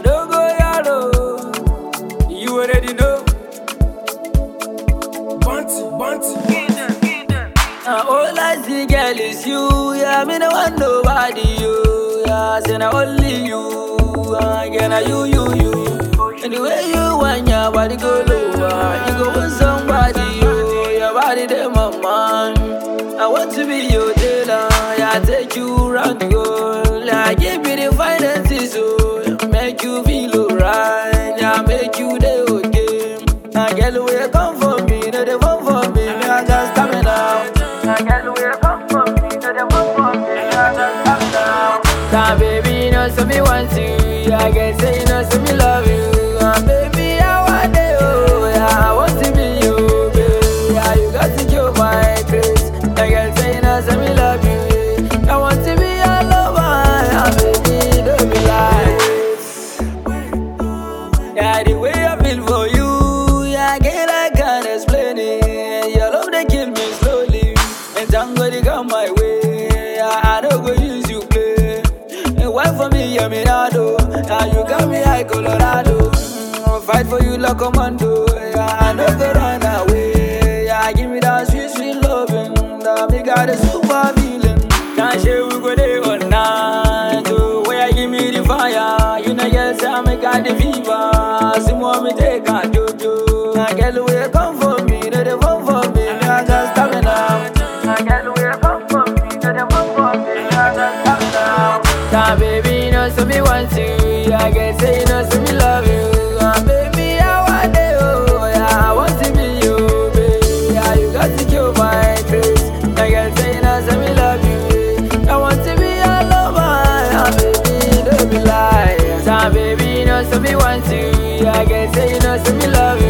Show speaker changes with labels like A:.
A: You already know. I see, girl, you. Yeah, me no want nobody. say only you. Ah, I you, you, you. And the way you your body go you go somebody. your body man. I want to be your Yeah, take you round the world.
B: Yeah,
A: Baby, you know so me want you I say you know so me love you And ah, baby, I want you Yeah, I want to be you, baby Yeah, you got to kill my place I say you know so me love you I want to be your lover And ah, baby, don't be like Yeah, the way I feel for you Yeah, girl, I can't explain it Your love, they kill me slowly And tango, they come my way Yeah, I don't go you went for me, yeah, me do. Now you got me high Colorado. Mm, fight for you like a commando. Yeah, I know go run away. Yeah, give me that sweet, sweet loving. That me got a super feeling. Can't share we go there all night. Oh, where you give me the fire. You know, yes, I make got the fever. so me want you. I guess say you know so me love you. And baby, I want you. Oh, yeah, I want to be you, baby. Yeah, you got to kill my face. I guess say you know so me love you. I want to be your lover. And ah, baby, don't be lying. Time, ah, baby, you know so me want you. I guess say you know so me love you.